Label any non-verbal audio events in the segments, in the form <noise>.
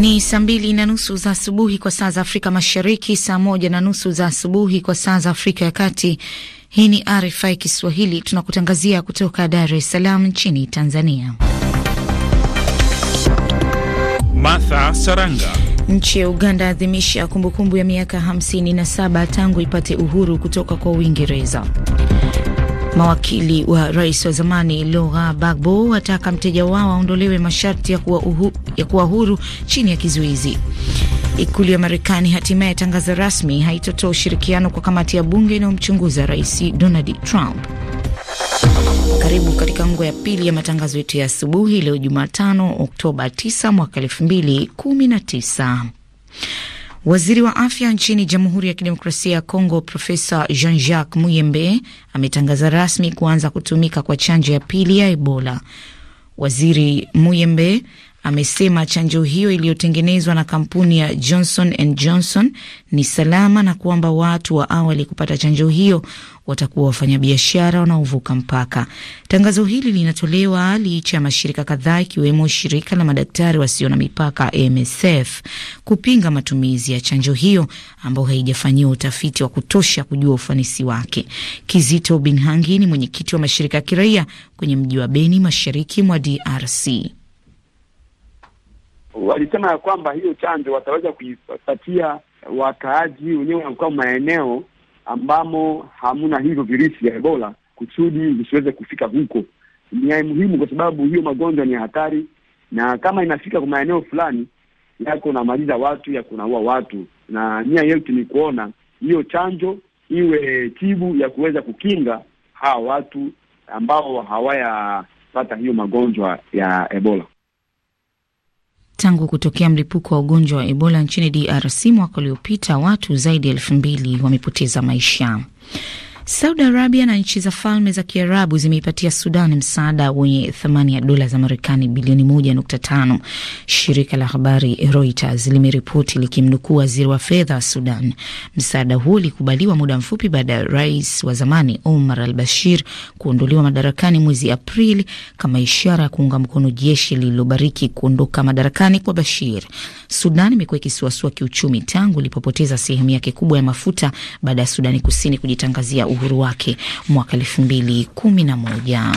Ni saa mbili na nusu za asubuhi kwa saa za Afrika Mashariki, saa moja na nusu za asubuhi kwa saa za Afrika ya Kati. Hii ni RFI Kiswahili, tunakutangazia kutoka Dar es Salaam nchini Tanzania. Martha Saranga. Nchi ya Uganda adhimisha kumbukumbu ya miaka 57 tangu ipate uhuru kutoka kwa Uingereza. Mawakili wa rais wa zamani Laurent Gbagbo wataka mteja wao aondolewe masharti ya kuwa, uhu, ya kuwa huru chini ya kizuizi. Ikulu ya Marekani hatimaye tangaza rasmi haitotoa ushirikiano kwa kamati ya bunge inayomchunguza rais Donald Trump. Karibu katika ngo ya pili ya matangazo yetu ya asubuhi leo Jumatano, Oktoba 9 mwaka 2019. Waziri wa afya nchini Jamhuri ya Kidemokrasia ya Kongo, Profesa Jean Jacques Muyembe ametangaza rasmi kuanza kutumika kwa chanjo ya pili ya Ebola. Waziri Muyembe amesema chanjo hiyo iliyotengenezwa na kampuni ya Johnson and Johnson ni salama na kwamba watu wa awali kupata chanjo hiyo watakuwa wafanyabiashara wanaovuka mpaka. Tangazo hili linatolewa licha ya mashirika kadhaa ikiwemo shirika la madaktari wasio na mipaka MSF kupinga matumizi ya chanjo hiyo ambayo haijafanyiwa utafiti wa kutosha kujua ufanisi wake. Kizito Binhangi ni mwenyekiti wa mashirika ya kiraia kwenye mji wa Beni, mashariki mwa DRC walisema ya kwamba hiyo chanjo wataweza kuipatia wakaaji wenyewe wa maeneo ambamo hamna hivyo virusi vya Ebola kusudi visiweze kufika huko. Ni muhimu kwa sababu hiyo magonjwa ni hatari, na kama inafika kwa maeneo fulani yako namaliza watu ya kunaua watu, na nia yetu ni kuona hiyo chanjo iwe tibu ya kuweza kukinga hawa watu ambao hawayapata hiyo magonjwa ya Ebola. Tangu kutokea mlipuko wa ugonjwa wa Ebola nchini DRC mwaka uliopita, watu zaidi ya elfu mbili wamepoteza maisha. Saudi Arabia na nchi za Falme za Kiarabu zimeipatia Sudan msaada wenye thamani ya dola za Marekani bilioni 1.5, shirika la habari Reuters limeripoti likimnukuu waziri wa fedha wa Sudan. Msaada huo ulikubaliwa muda mfupi baada ya rais wa zamani Omar al Bashir kuondoliwa madarakani mwezi Aprili kama ishara ya kuunga mkono jeshi lililobariki kuondoka madarakani kwa Bashir. Sudan imekuwa ikisuasua kiuchumi tangu ilipopoteza sehemu yake kubwa ya mafuta baada ya Sudani Kusini kujitangazia uhu uhuru wake mwaka elfu mbili kumi na moja.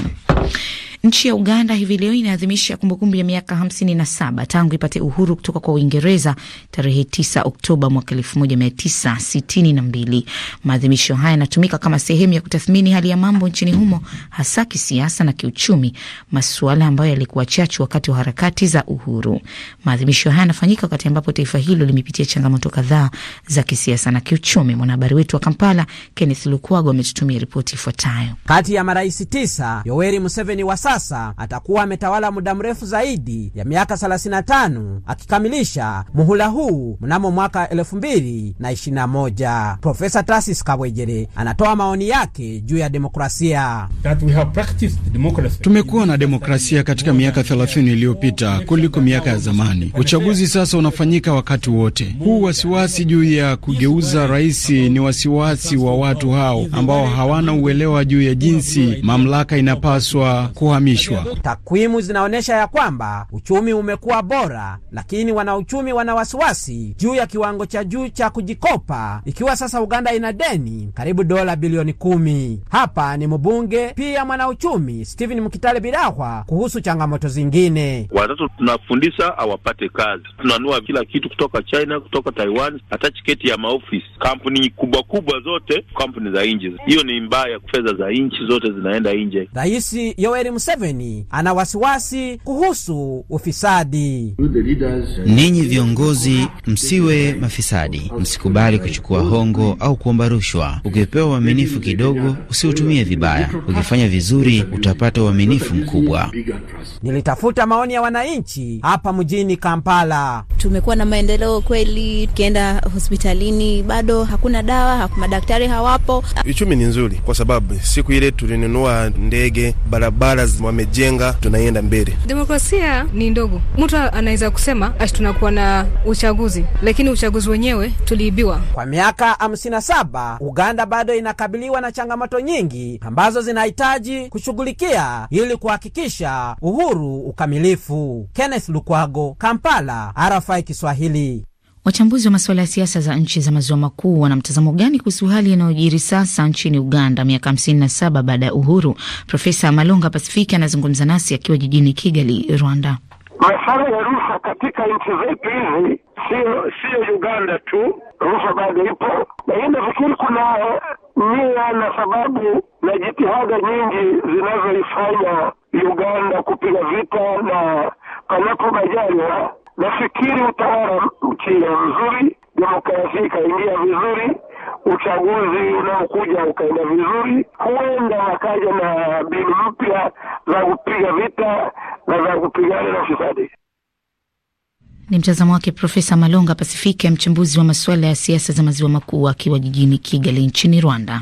Nchi ya Uganda hivi leo inaadhimisha kumbukumbu ya miaka 57 tangu ipate uhuru kutoka kwa Uingereza tarehe 9 Oktoba mwaka 1962. Maadhimisho haya yanatumika kama sehemu ya kutathmini hali ya mambo nchini humo, hasa kisiasa na kiuchumi, masuala ambayo yalikuwa chachu wakati wa harakati za uhuru. Maadhimisho haya yanafanyika wakati ambapo taifa hilo limepitia changamoto kadhaa za kisiasa na kiuchumi. Mwanahabari wetu wa Kampala Kenneth Lukwago ametutumia ripoti ifuatayo. Kati ya marais tisa, Yoweri Museveni wa sasa atakuwa ametawala muda mrefu zaidi ya miaka 35 akikamilisha muhula huu mnamo mwaka 2021. Profesa Tasis Kabwejere anatoa maoni yake juu ya demokrasia. Tumekuwa na demokrasia katika miaka 30 iliyopita kuliko miaka ya zamani. Uchaguzi sasa unafanyika wakati wote. Huu wasiwasi juu ya kugeuza rais ni wasiwasi wa watu hao ambao hawana uelewa juu ya jinsi mamlaka inapaswa kuhami kuhamishwa. Takwimu zinaonyesha ya kwamba uchumi umekuwa bora, lakini wanauchumi wana wasiwasi juu ya kiwango cha juu cha kujikopa, ikiwa sasa Uganda ina deni karibu dola bilioni kumi. Hapa ni mbunge pia mwanauchumi Stephen Mkitale Birahwa kuhusu changamoto zingine. Watoto tunafundisha hawapate kazi, tunanua kila kitu kutoka China, kutoka Taiwan, hata chiketi ya maofisi. Kampuni kubwa kubwa zote, kampuni za nje, hiyo ni mbaya, fedha za nchi zote zinaenda nje. Rais Yoweri Museveni Museveni ana wasiwasi kuhusu ufisadi. Uh, Ninyi viongozi msiwe mafisadi, msikubali kuchukua hongo au kuomba rushwa. Ukipewa uaminifu kidogo, usiutumie vibaya. Ukifanya vizuri, utapata uaminifu mkubwa. Nilitafuta maoni ya wananchi hapa mjini Kampala. Tumekuwa na maendeleo kweli, tukienda hospitalini bado hakuna dawa, madaktari hawapo. Uchumi ni nzuri, kwa sababu siku ile tulinunua ndege, barabara wamejenga, tunaenda mbele. Demokrasia ni ndogo, mtu anaweza kusema ati tunakuwa na uchaguzi, lakini uchaguzi wenyewe tuliibiwa kwa miaka 57 Uganda bado inakabiliwa na changamoto nyingi ambazo zinahitaji kushughulikia ili kuhakikisha uhuru ukamilifu. Kenneth Lukwago, Kampala, RFI Kiswahili. Wachambuzi wa masuala ya siasa za nchi za maziwa makuu wana mtazamo gani kuhusu hali inayojiri sasa nchini Uganda miaka 57 baada ya uhuru? Profesa Malonga Pasifiki anazungumza nasi akiwa jijini Kigali, Rwanda. Masala ya rushwa katika nchi zetu hizi sio sio Uganda tu, rushwa bado ipo, lakini nafikiri kuna nia na sababu na jitihada nyingi zinazoifanya Uganda kupiga vita, na panapo majaliwa Nafikiri utawala mchina mzuri, demokrasia ikaingia vizuri, uchaguzi unaokuja ukaenda vizuri, huenda wakaja na mbinu mpya za kupiga vita na za kupigana na ufisadi. Ni mtazamo wake Profesa Malonga Pasifika, mchambuzi wa masuala ya siasa za maziwa makuu, akiwa jijini Kigali nchini Rwanda.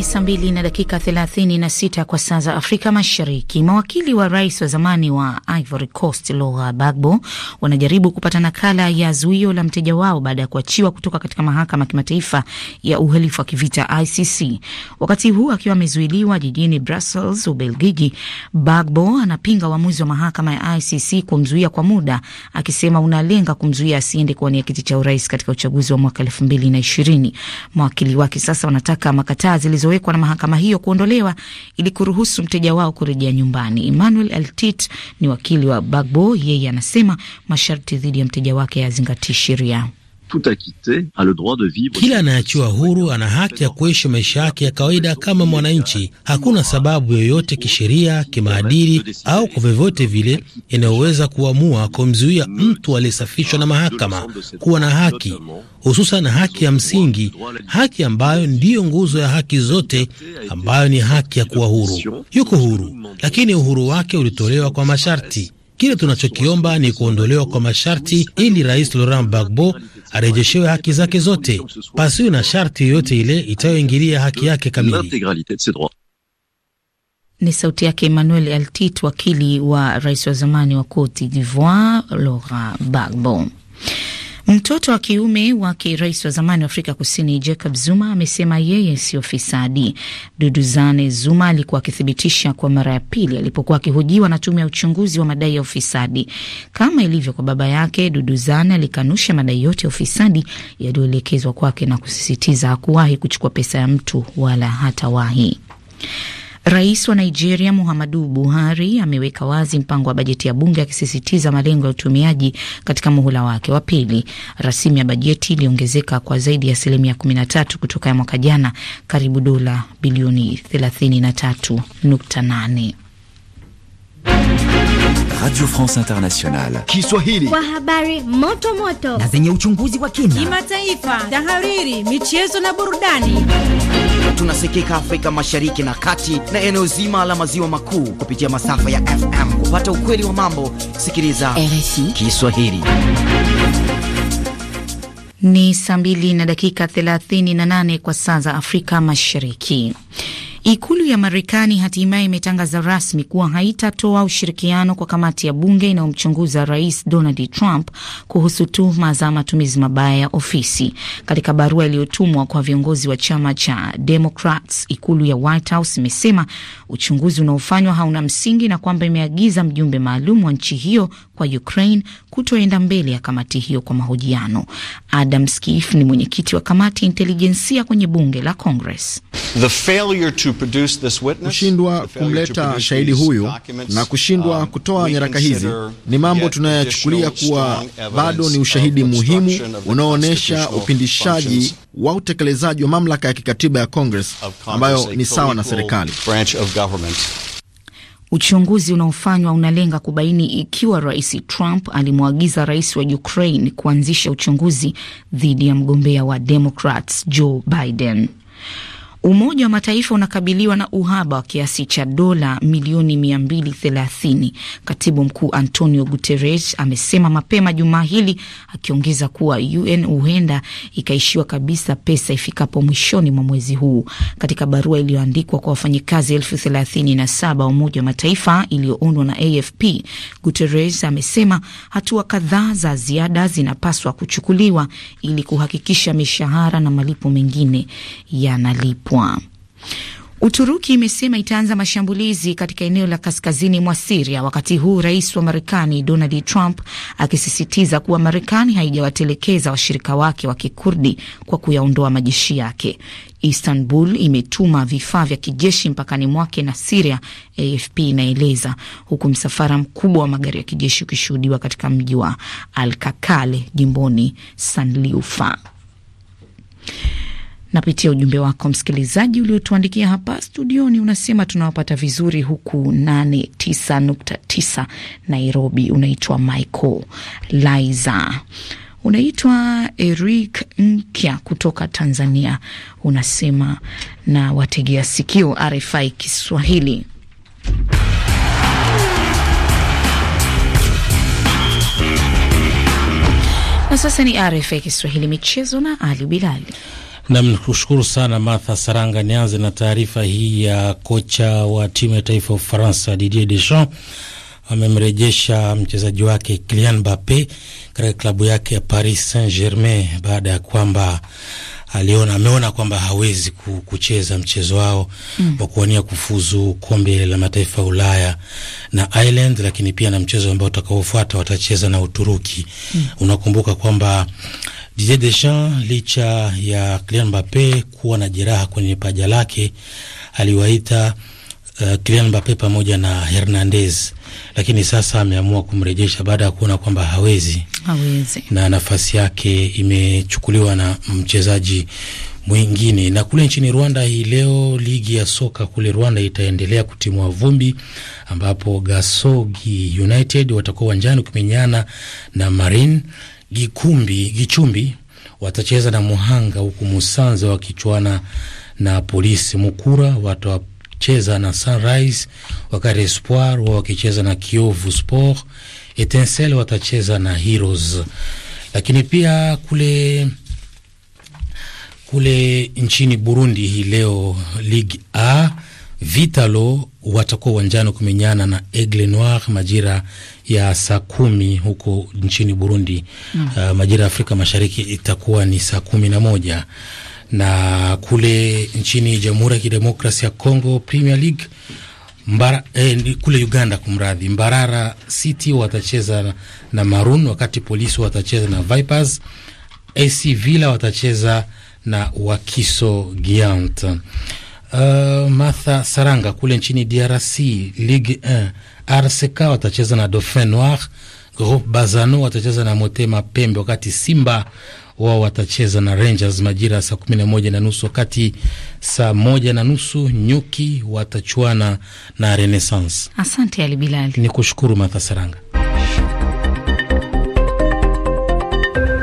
ni saa mbili na dakika thelathini na sita kwa saa za Afrika Mashariki. Mawakili wa rais wa zamani wa Ivory Coast Laurent Gbagbo wanajaribu kupata nakala ya zuio la mteja wao baada ya kuachiwa kutoka katika mahakama ya kimataifa ya uhalifu wa kivita ICC. Wakati huu akiwa amezuiliwa jijini Brussels, Ubelgiji, Gbagbo anapinga uamuzi wa mahakama ya ICC kumzuia kwa muda, akisema unalenga kumzuia asiende kuwania kiti cha urais katika uchaguzi wa mwaka elfu mbili na ishirini. Mawakili wake sasa wanataka makataa zilizo zilizowekwa na mahakama hiyo kuondolewa ili kuruhusu mteja wao kurejea nyumbani. Emmanuel Altit ni wakili wa Bagbo, yeye anasema masharti dhidi ya mteja wake yazingatii sheria tout akité a le droit de vivre. Kila anayeachiwa huru ana haki ya kuishi maisha yake ya kawaida kama mwananchi. Hakuna sababu yoyote kisheria, kimaadili au kwa vyovyote vile inayoweza kuamua kumzuia mtu aliyesafishwa na mahakama kuwa na haki, hususan haki ya msingi, haki ambayo ndiyo nguzo ya haki zote, ambayo ni haki ya kuwa huru. Yuko huru, lakini uhuru wake ulitolewa kwa masharti. Kile tunachokiomba ni kuondolewa kwa masharti ili Rais Laurent Gbagbo arejeshewe haki zake zote, pasiwe na sharti yoyote ile itayoingilia haki yake kamili. Ni sauti yake Emmanuel Altit, wakili wa rais wa zamani wa Cote d'Ivoire Laurent Gbagbo. Mtoto wa kiume wake rais wa zamani wa Afrika Kusini Jacob Zuma amesema yeye sio fisadi. Duduzane Zuma alikuwa akithibitisha kwa mara ya pili alipokuwa akihojiwa na tume ya uchunguzi wa madai ya ufisadi. Kama ilivyo kwa baba yake, Duduzane alikanusha madai yote ya ufisadi yaliyoelekezwa kwake na kusisitiza hakuwahi kuchukua pesa ya mtu wala hatawahi. Rais wa Nigeria Muhammadu Buhari ameweka wazi mpango wa bajeti ya bunge akisisitiza malengo ya utumiaji katika muhula wake wa pili. Rasimu ya bajeti iliongezeka kwa zaidi ya asilimia 13 kutoka ya mwaka jana, karibu dola bilioni 33.8. Radio France Internationale Kiswahili kwa habari moto moto na zenye uchunguzi wa kina, kimataifa, tahariri, michezo na burudani. Tunasikika Afrika Mashariki na Kati na eneo zima la maziwa makuu kupitia masafa ya FM. Kupata ukweli wa mambo, sikiliza RFI Kiswahili. Ni saa mbili na dakika 38 kwa saa za Afrika Mashariki. Ikulu ya Marekani hatimaye imetangaza rasmi kuwa haitatoa ushirikiano kwa kamati ya bunge inayomchunguza rais Donald Trump kuhusu tuhuma za matumizi mabaya ya ofisi. Katika barua iliyotumwa kwa viongozi wa chama cha Democrats, ikulu ya White House imesema uchunguzi unaofanywa hauna msingi na kwamba imeagiza mjumbe maalum wa nchi hiyo kwa Ukraine kutoenda mbele ya kamati hiyo kwa mahojiano. Adam Skif ni mwenyekiti wa kamati ya intelijensia kwenye bunge la Congress. Kushindwa kumleta shahidi huyu na kushindwa um, kutoa nyaraka hizi ni mambo tunayoyachukulia kuwa bado ni ushahidi muhimu unaoonyesha upindishaji wa utekelezaji wa mamlaka ya kikatiba ya Congress ambayo ni sawa na serikali. Uchunguzi unaofanywa unalenga kubaini ikiwa Rais Trump alimwagiza rais wa Ukraine kuanzisha uchunguzi dhidi ya mgombea wa Democrats Joe Biden. Umoja wa Mataifa unakabiliwa na uhaba wa kiasi cha dola milioni 230, katibu mkuu Antonio Guterres amesema mapema jumaa hili, akiongeza kuwa UN huenda ikaishiwa kabisa pesa ifikapo mwishoni mwa mwezi huu. Katika barua iliyoandikwa kwa wafanyikazi elfu thelathini na saba wa Umoja wa Mataifa iliyoundwa na AFP, Guterres amesema hatua kadhaa za ziada zinapaswa kuchukuliwa ili kuhakikisha mishahara na malipo mengine yanalipwa kulipwa. Uturuki imesema itaanza mashambulizi katika eneo la kaskazini mwa Siria, wakati huu rais wa Marekani Donald Trump akisisitiza kuwa Marekani haijawatelekeza washirika wake wa kikurdi kwa kuyaondoa majeshi yake. Istanbul imetuma vifaa vya kijeshi mpakani mwake na Siria, AFP inaeleza, huku msafara mkubwa wa magari ya kijeshi ukishuhudiwa katika mji wa Alkakale jimboni Sanliufa. Napitia ujumbe wako msikilizaji uliotuandikia hapa studioni, unasema tunawapata vizuri huku 89.9 Nairobi. Unaitwa Michael Liza, unaitwa Eric Nkya kutoka Tanzania, unasema na wategea sikio RFI Kiswahili. Na sasa ni RFI Kiswahili michezo na Ali Bilali. Nam, nikushukuru sana Martha Saranga. Nianze na taarifa hii ya kocha wa timu ya taifa ya Ufaransa Didier Deschamps amemrejesha mchezaji wake Kylian Mbappe katika klabu yake ya Paris Saint Germain baada ya kwamba aliona ameona kwamba hawezi kucheza mchezo wao mm, kuwania kufuzu kombe la mataifa ya Ulaya na Ireland, lakini pia na mchezo ambao utakaofuata watacheza na Uturuki mm. Unakumbuka kwamba Didier Deschamps licha ya Kylian Mbappe kuwa na jeraha kwenye paja lake aliwaita uh, Kylian Mbappe pamoja na Hernandez, lakini sasa ameamua kumrejesha baada ya kuona kwamba hawezi, hawezi na nafasi yake imechukuliwa na mchezaji mwingine. Na kule nchini Rwanda hii leo ligi ya soka kule Rwanda itaendelea kutimua vumbi, ambapo Gasogi United watakuwa uwanjani kumenyana na Marine Gikumbi, Gichumbi watacheza na Muhanga, huku Musanze wakichuana na Polisi. Mukura watacheza na Sunrise, wakati Espoir wao wakicheza na Kiovu Sport. Etincelle watacheza na Heroes. Lakini pia kule kule nchini Burundi hii leo Ligue A Vitalo watakuwa uwanjani kumenyana na Aigle Noir majira ya saa kumi huko nchini Burundi mm. Uh, majira ya Afrika Mashariki itakuwa ni saa kumi na moja na kule nchini Jamhuri ya kidemokrasi ya Congo Premier League Mbara, eh, kule Uganda kumradhi, Mbarara City watacheza na Maroon, wakati Polisi watacheza na Vipers, AC Villa watacheza na Wakiso Giant. Uh, Martha Saranga kule nchini DRC, Ligue 1 RCK watacheza na Dauphin Noir, Groupe Bazano watacheza na Motema Pembe, wakati Simba wao watacheza na Rangers majira ya saa kumi na moja na nusu wakati saa moja na nusu nyuki watachuana na Renaissance. Asante Ali Bilali, ni kushukuru Martha Saranga.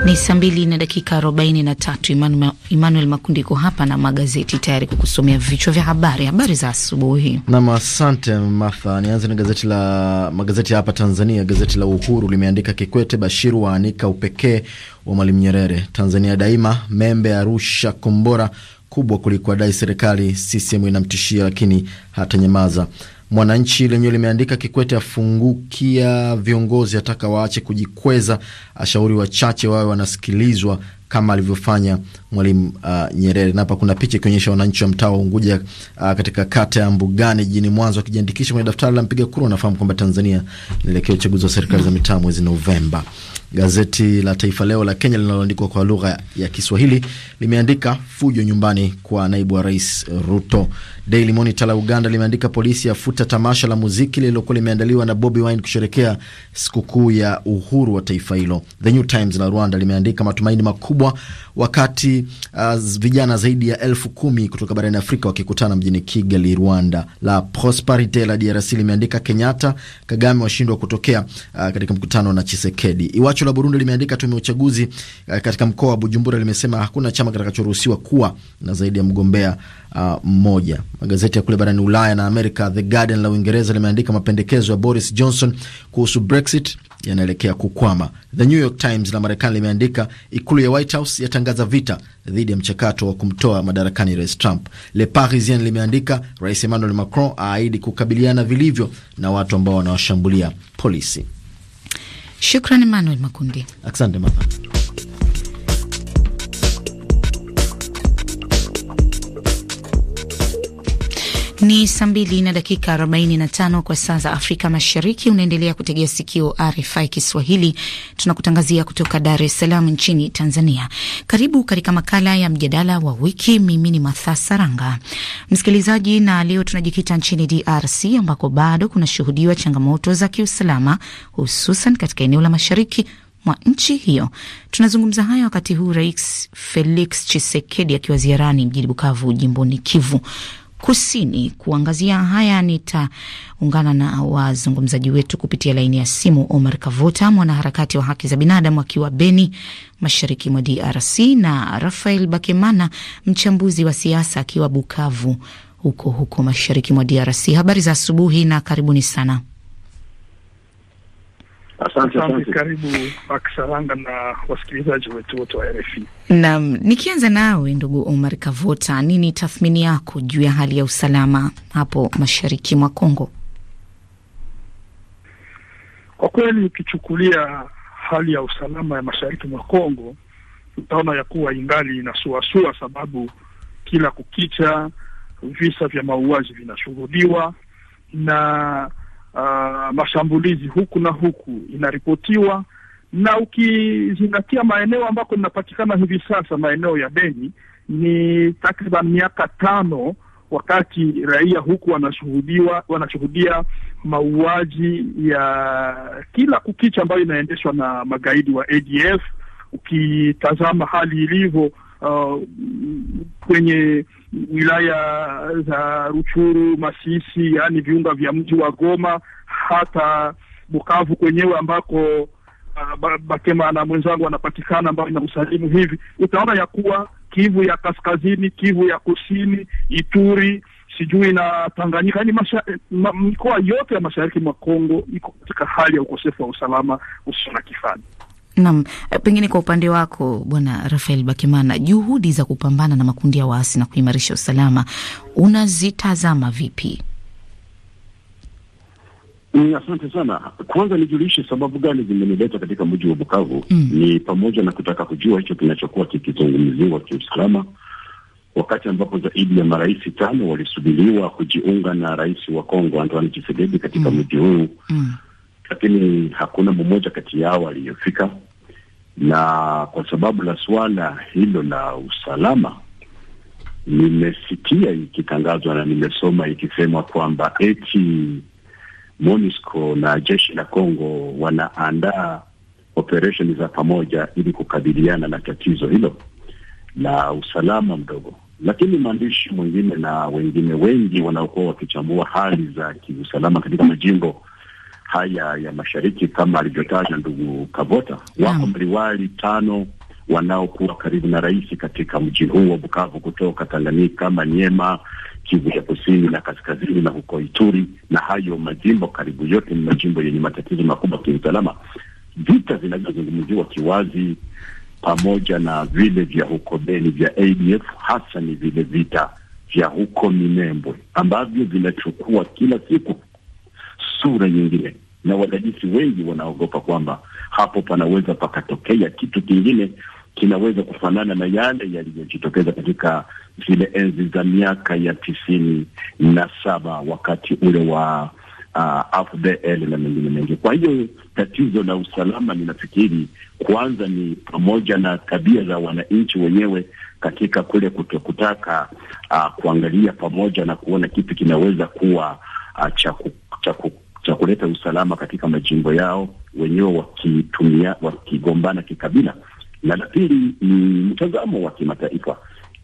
Ni saa mbili na dakika 43. Emmanuel Makundi iko hapa na magazeti tayari kukusomea vichwa vya habari. Habari za asubuhi. Nam, asante Martha. Nianze na gazeti la magazeti hapa Tanzania. Gazeti la Uhuru limeandika Kikwete, Bashiru waanika upekee wa Mwalimu Nyerere. Tanzania Daima, Membe arusha kombora kubwa kuliko adai serikali CCM inamtishia lakini hatanyamaza. Mwananchi lenyewe limeandika Kikwete afungukia viongozi, ataka waache kujikweza, ashauri wachache wawe wanasikilizwa kama alivyofanya Mwalimu uh, Nyerere. Na hapa kuna picha ikionyesha wananchi wa mtaa wa Unguja uh, katika kata ya Mbugani jijini Mwanza wakijiandikisha kwenye daftari la mpiga kura. Wanafahamu kwamba Tanzania inaelekea uchaguzi wa serikali za mitaa mwezi Novemba. Gazeti la Taifa Leo la Kenya linaloandikwa kwa lugha ya Kiswahili limeandika fujo nyumbani kwa naibu wa rais Ruto. Daily Monitor la Uganda limeandika polisi yafuta tamasha la muziki lililokuwa limeandaliwa na Bobi Wine kusherekea sikukuu ya uhuru wa taifa hilo. The New Times la Rwanda limeandika matumaini makubwa wakati uh, vijana zaidi ya elfu kumi kutoka barani Afrika wakikutana mjini Kigali, Rwanda. La Prosperite la DRC limeandika Kenyatta, Kagame washindwa kutokea uh, katika mkutano na Chisekedi. Iwa ambacho la Burundi limeandika tume ya uchaguzi eh, katika mkoa wa Bujumbura limesema hakuna chama kitakachoruhusiwa kuwa na zaidi ya mgombea uh, mmoja. Magazeti ya kule barani Ulaya na Amerika, The Guardian la Uingereza limeandika mapendekezo ya Boris Johnson kuhusu Brexit yanaelekea kukwama. The New York Times la Marekani limeandika ikulu ya White House yatangaza vita dhidi ya mchakato wa kumtoa madarakani rais Trump. Le Parisien limeandika rais Emmanuel Macron aahidi kukabiliana vilivyo na watu ambao wanawashambulia polisi. Shukran Emmanuel Makundi, asante. Ni saa mbili na dakika 45 kwa saa za Afrika Mashariki. Unaendelea kutegea sikio RFI Kiswahili, tunakutangazia kutoka Dar es Salaam nchini Tanzania. Karibu katika makala ya mjadala wa wiki. Mimi ni Matha Saranga msikilizaji, na leo tunajikita nchini DRC ambako bado kunashuhudiwa changamoto za kiusalama, hususan katika eneo la mashariki mwa nchi hiyo. Tunazungumza hayo wakati huu Rais Felix Tshisekedi akiwa ziarani mjini Bukavu, jimboni Kivu. Kusini. Kuangazia haya, nitaungana na wazungumzaji wetu kupitia laini ya simu. Omar Kavota, mwanaharakati wa haki za binadamu akiwa Beni, mashariki mwa DRC, na Rafael Bakemana, mchambuzi wa siasa akiwa Bukavu, huko huko mashariki mwa DRC. Habari za asubuhi na karibuni sana. Asante, asante. Karibu Akisaranga na wasikilizaji wetu wote wa RFI. Naam, nikianza nawe ndugu Omar Kavota, nini tathmini yako juu ya hali ya usalama hapo mashariki mwa Kongo? Kwa kweli ukichukulia hali ya usalama ya mashariki mwa Kongo utaona ya kuwa ingali inasuasua, sababu kila kukicha visa vya mauaji vinashuhudiwa na uh, mashambulizi huku na huku inaripotiwa, na ukizingatia maeneo ambako inapatikana hivi sasa, maeneo ya Beni ni takriban miaka tano wakati raia huku wanashuhudiwa wanashuhudia mauaji ya kila kukicha ambayo inaendeshwa na magaidi wa ADF. Ukitazama hali ilivyo uh, kwenye wilaya za Ruchuru, Masisi, yaani viunga vya mji wa Goma, hata Bukavu kwenyewe ambako uh, Bakema na mwenzangu anapatikana, ambayo ina usalimu hivi, utaona ya kuwa Kivu ya kaskazini, Kivu ya kusini, Ituri sijui na Tanganyika, yaani mikoa yote ya mashariki mwa Kongo iko katika hali ya ukosefu wa usalama usio na kifani. Nam, eh, pengine kwa upande wako Bwana Rafael Bakimana, juhudi za kupambana na makundi ya waasi na kuimarisha usalama unazitazama vipi? Mm, asante sana. Kwanza nijulishe sababu gani zimenileta katika mji wa Bukavu. Mm, ni pamoja na kutaka kujua hicho kinachokuwa kikizungumziwa kiusalama, wakati ambapo zaidi ya marais tano walisubiriwa kujiunga na rais wa Kongo Antoine Tshisekedi katika mm. mji mm, huu mm, lakini hakuna mmoja kati yao aliyofika na kwa sababu la suala hilo la usalama, nimesikia ikitangazwa na nimesoma ikisema kwamba eti MONUSCO na jeshi la congo wanaandaa operesheni za pamoja ili kukabiliana na tatizo hilo la usalama mdogo. Lakini mwandishi mwingine na wengine wengi wanaokuwa wakichambua hali za kiusalama katika majimbo haya ya mashariki kama alivyotaja ndugu Kavota, wako mliwali tano wanaokuwa karibu na rais katika mji huu wa Bukavu kutoka Tanganyika, Manyema, Kivu ya kusini na kaskazini na huko Ituri, na hayo majimbo karibu yote ni majimbo yenye matatizo makubwa kiusalama. Vita vinavyozungumziwa kiwazi pamoja na vile vya huko Beni vya ADF, hasa ni vile vita vya huko Minembwe ambavyo vinachukua kila siku sura nyingine, na wadadisi wengi wanaogopa kwamba hapo panaweza pakatokea kitu kingine kinaweza kufanana na yale yaliyojitokeza katika zile enzi za miaka ya tisini na saba wakati ule wa uh, AFDL na mengine mengi. Kwa hiyo tatizo la usalama ninafikiri kwanza ni pamoja na tabia za wananchi wenyewe katika kule kutokutaka uh, kuangalia pamoja na kuona kipi kinaweza kuwa uh, cha cha kuleta usalama katika majimbo yao wenyewe wakitumia wakigombana kikabila, na la pili ni mtazamo wa kimataifa.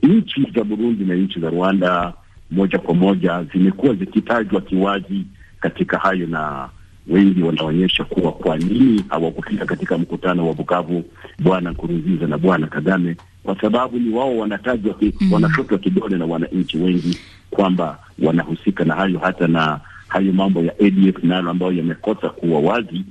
Nchi za Burundi na nchi za Rwanda moja kwa moja zimekuwa zikitajwa kiwazi katika hayo, na wengi wanaonyesha kuwa kwa nini hawakufika katika mkutano wa Bukavu, Bwana Nkurunziza na Bwana Kagame, kwa sababu ni wao wanatajwa, mm -hmm. wanashotwa kidole na wananchi wengi kwamba wanahusika na hayo hata na hayo mambo ya ADF nalo ambayo yamekosa kuwa wazi.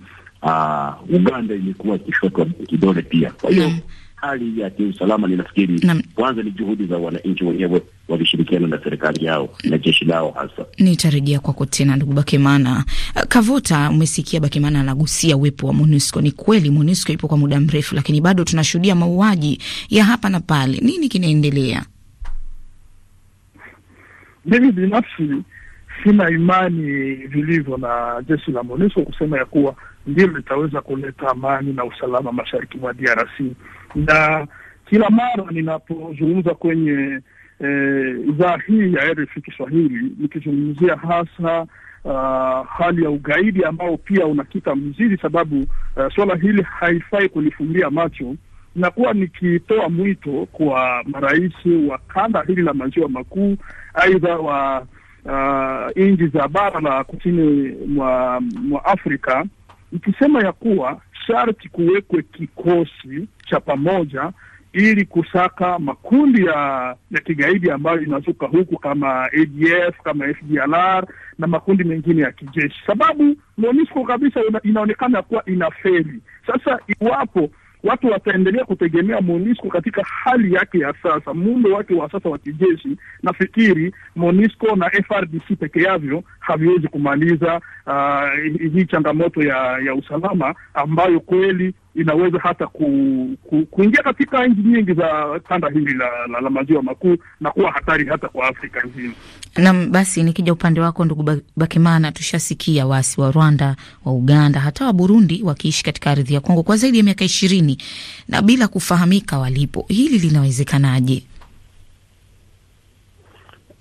Uh, Uganda imekuwa ikishotwa kidole pia, kwa hiyo mm. Hali ya kiusalama ninafikiri kwanza ni juhudi za wananchi wenyewe wakishirikiana na serikali yao na jeshi lao. Hasa nitarejea kwako tena, ndugu Bakimana uh, kavota Umesikia Bakimana anagusia uwepo wa MONUSCO. Ni kweli MONUSCO ipo kwa muda mrefu, lakini bado tunashuhudia mauaji ya hapa na pale. Nini kinaendelea? Mimi binafsi sina imani vilivyo na jeshi la MONUSCO kusema ya kuwa ndio litaweza kuleta amani na usalama mashariki mwa DRC. Na kila mara ninapozungumza kwenye eh, idhaa eh, hii ya RFI Kiswahili nikizungumzia hasa Uh, hali ya ugaidi ambao pia unakita mzizi, sababu uh, swala hili haifai kulifumbia macho. kuwa nikitoa mwito kwa marais wa kanda hili la maziwa makuu, aidha wa uh, nchi za bara la kusini mwa, mwa Afrika ikisema ya kuwa sharti kuwekwe kikosi cha pamoja ili kusaka makundi ya ya kigaidi ambayo inazuka huku kama ADF kama FDLR na makundi mengine ya kijeshi, sababu MONUSCO kabisa ina, inaonekana kuwa inafeli. Sasa iwapo watu wataendelea kutegemea MONUSCO katika hali yake ya sasa, muundo wake wa sasa wa kijeshi. Nafikiri MONUSCO na FRDC peke yavyo haviwezi kumaliza uh, hii changamoto ya, ya usalama ambayo kweli inaweza hata ku, ku, kuingia katika nchi nyingi za kanda hili la, la, la maziwa makuu na kuwa hatari hata kwa Afrika nzima. Naam, basi nikija upande wako ndugu bakimana tushasikia waasi wa Rwanda, wa Uganda, hata wa Burundi wakiishi katika ardhi ya Kongo kwa zaidi ya miaka ishirini na bila kufahamika walipo. Hili linawezekanaje?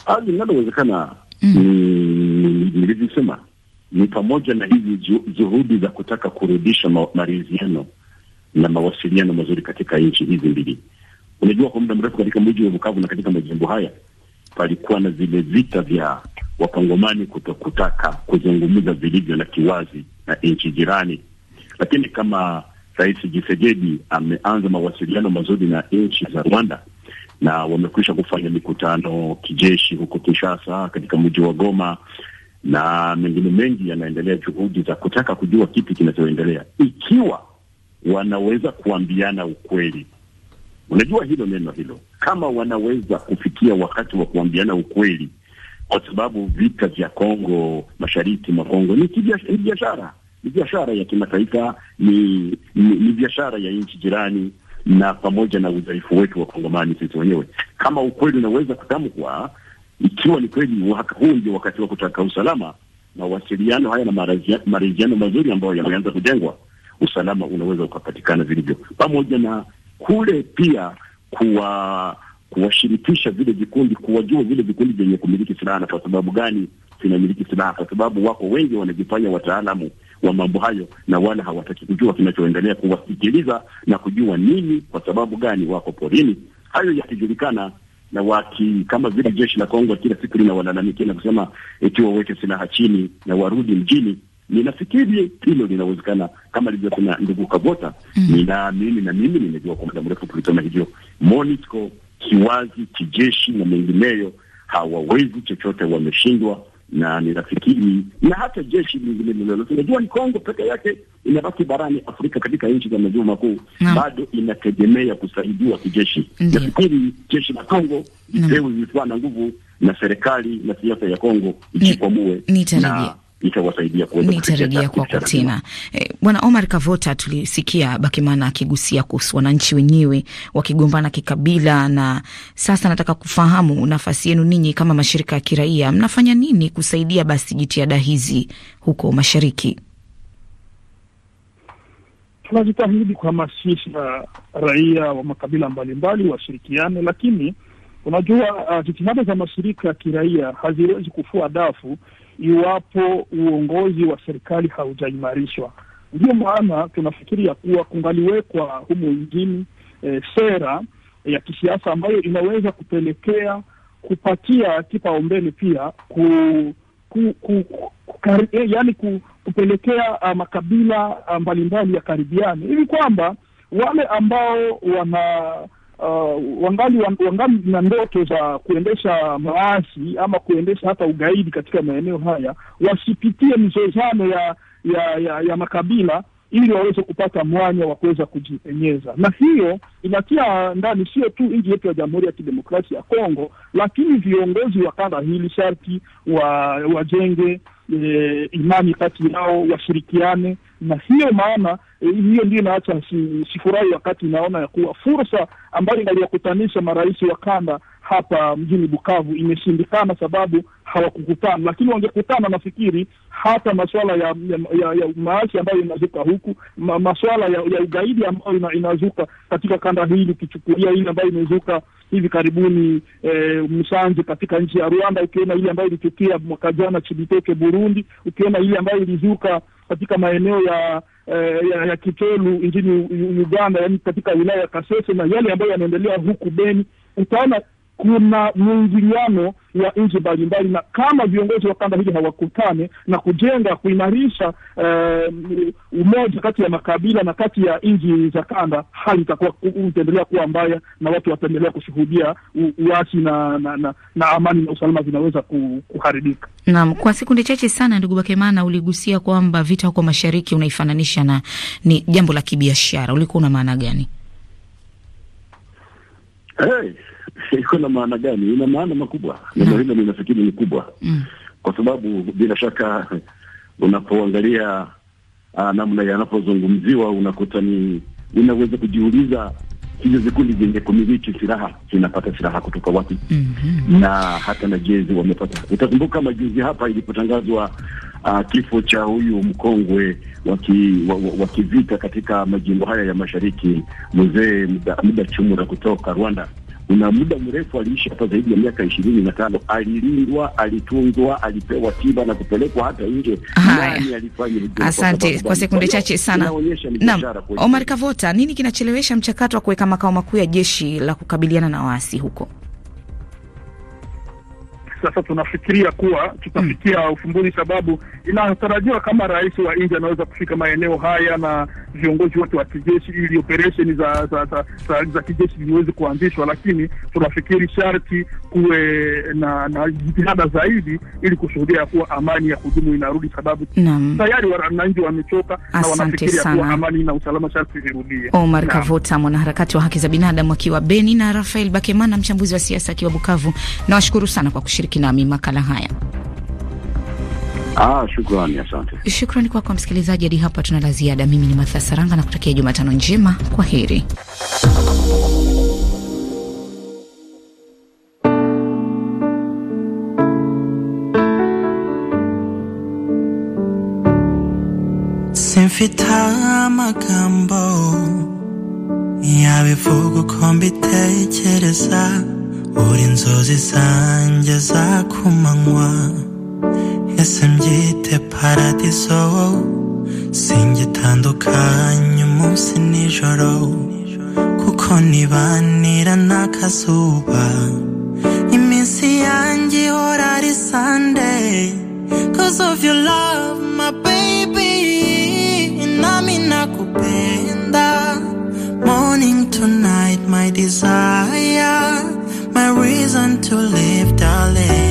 Ah, linalowezekana mm. nilivyosema mm, ni pamoja na hizi juhudi za kutaka kurudisha maridhiano na mawasiliano mazuri katika nchi hizi mbili. Unajua, kwa muda mrefu katika mji wa Bukavu na katika majimbo haya palikuwa na vile vita vya wakongomani kutokutaka kuzungumza vilivyo na kiwazi na nchi jirani, lakini kama Rais Tshisekedi ameanza mawasiliano mazuri na nchi za Rwanda na wamekwisha kufanya mikutano kijeshi huko Kinshasa, katika mji wa Goma na mengine mengi yanaendelea, juhudi za kutaka kujua kipi kinachoendelea ikiwa wanaweza kuambiana ukweli. Unajua hilo neno hilo, kama wanaweza kufikia wakati wa kuambiana ukweli, kwa sababu vita vya Kongo, mashariki mwa Kongo, ni biashara, ni biashara ya kimataifa, ni, ni, ni biashara ya nchi jirani na pamoja na udhaifu wetu wa Kongomani sisi wenyewe, kama ukweli unaweza kutamkwa, ikiwa ni kweli huu ndio wakati wa kutaka usalama, mawasiliano haya na marejiano mazuri ambayo yameanza kujengwa usalama unaweza ukapatikana vilivyo, pamoja na kule pia kuwa kuwashirikisha vile vikundi, kuwajua vile vikundi vyenye kumiliki silaha na kwa sababu gani vinamiliki silaha, kwa sababu wako wengi wanajifanya wataalamu wa mambo hayo, na wala hawataki kujua kinachoendelea, kuwasikiliza na kujua nini, kwa sababu gani wako porini. Hayo yakijulikana na waki, kama vile jeshi la Kongo kila siku linawalalamikia na kusema eti waweke silaha chini na warudi mjini, Ninafikiri hilo linawezekana kama alivyosema ndugu Kabota. mm Ninaamini na mimi nimejua kwa muda mrefu tulisema hivyo, MONUSCO kiwazi, kijeshi na mengineyo hawawezi chochote, wameshindwa na ninafikiri na hata jeshi lingine lolote, unajua ni Kongo peke yake inabaki barani Afrika katika nchi za maziwa makuu no. bado inategemea kusaidiwa kijeshi. Nafikiri jeshi la Kongo lipewe vifaa na nguvu, na serikali na siasa ya Kongo ijikwamue na itawasaidia kuweza nitarejea kwako tena. Eh, Bwana e, Omar Kavota, tulisikia Bakimana akigusia kuhusu wananchi wenyewe wakigombana kikabila, na sasa nataka kufahamu nafasi yenu ninyi kama mashirika ya kiraia, mnafanya nini kusaidia basi jitihada hizi huko mashariki? Tunajitahidi kuhamasisha raia wa makabila mbalimbali washirikiane, lakini unajua uh, jitihada za mashirika ya kiraia haziwezi kufua dafu iwapo uongozi wa serikali haujaimarishwa. Ndiyo maana tunafikiri ya kuwa kungaliwekwa humu nchini e, sera ya kisiasa ambayo inaweza kupelekea kupatia kipaumbele pia ku, ku, ku, ku, e, yani ku, kupelekea uh, makabila ah, mbalimbali ya karibiani, ili kwamba wale ambao wana uh, wangali, wangali na ndoto za kuendesha maasi ama kuendesha hata ugaidi katika maeneo haya, wasipitie mizozano ya ya, ya ya makabila ili waweze kupata mwanya wa kuweza kujipenyeza, na hiyo inatia ndani sio tu nchi yetu ya Jamhuri ya Kidemokrasia ya Kongo, lakini viongozi wa kanda hili sharti wa wajenge e, imani kati yao, washirikiane na hiyo maana eh, hiyo e, ndio inaacha si, sifurahi wakati inaona ya kuwa fursa ambayo ingaliwakutanisha marais wa kanda hapa mjini Bukavu imeshindikana, sababu hawakukutana. Lakini wangekutana, nafikiri hata masuala ya, ya, ya, ya maasi ambayo inazuka huku ma, masuala ya, ya ugaidi ambayo ina, inazuka katika kanda hili, ukichukulia ile ambayo imezuka hivi karibuni e, eh, Msanji katika nchi ya Rwanda, ukiona ile ambayo ilitukia mwaka jana chibiteke buru Burundi, ukiona ile ambayo ilizuka katika maeneo ya eh, ya, ya Kitolu nchini Uganda, yaani katika wilaya ya Kasese na yale ambayo yanaendelea huku Beni, utaona kuna mwingiliano wa nchi mbalimbali, na kama viongozi wa kanda hili hawakutane na kujenga kuimarisha uh, umoja kati ya makabila na kati ya nchi za kanda, hali itakuwa itaendelea kuwa mbaya na watu wataendelea kushuhudia uasi na, na, na, na amani na usalama vinaweza kuharibika. Naam, kwa sekunde chache sana, ndugu Bakemana, uligusia kwamba vita huko mashariki unaifananisha na ni jambo la kibiashara, ulikuwa una maana gani? Hey. <laughs> iko na maana gani? Ina maana makubwa. Neno hilo mm. ninafikiri ni kubwa mm, kwa sababu bila shaka unapoangalia ah, namna yanapozungumziwa unakuta ni unaweza kujiuliza hizo vikundi vyenye kumiliki silaha vinapata silaha kutoka wapi? mm -hmm. na hata na jezi wamepata. Utakumbuka majuzi hapa ilipotangazwa uh, kifo cha huyu mkongwe wa kivita katika majimbo haya ya mashariki, mzee chumura kutoka Rwanda na muda mrefu aliishi hapa zaidi ya miaka ishirini na tano. Alilindwa, alitunzwa, alipewa tiba na kupelekwa hata nje. Asante kwa, kwa sekunde chache sana. Naam, Omar Kavota, nini kinachelewesha mchakato wa kuweka makao makuu ya jeshi la kukabiliana na waasi huko? sasa tunafikiria kuwa tutafikia hmm. ufumbuzi sababu inatarajiwa kama rais wa India anaweza kufika maeneo haya na viongozi wote wa kijeshi, ili operesheni za za, za, za, za za kijeshi ziweze kuanzishwa, lakini tunafikiri sharti kuwe na, na jitihada zaidi ili kushuhudia kuwa amani ya kudumu inarudi, sababu tayari wananchi wamechoka na wanafikiria sana. kuwa amani na usalama sharti zirudie Omar na Kavota, mwanaharakati wa haki za binadamu akiwa Beni, na Rafael Bakemana, mchambuzi wa siasa akiwa Bukavu, nawashukuru sana kwa kushiriki kushiriki nami makala haya. Ah, shukrani, asante. Shukrani kwako kwa msikilizaji, hadi hapa tuna la ziada. Mimi ni Matha Saranga na kutakia Jumatano njema, kwa heri. Simfite amagambo yabivuga uko mbitekereza 우린 소지산 여사 SMG 파라디소 생기탄 독한 유무새 니저로 kuko ntibanira n'akazuba sunday cause of your love my baby nami nakupenda morning to night my desire my reason to live, darling.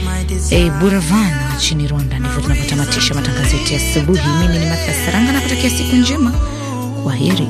e Buravana nchini Rwanda. Ndivyo tunavyotamatisha matangazo yetu ya asubuhi. Mimi ni Matha Saranga na kutakia siku njema, kwa heri.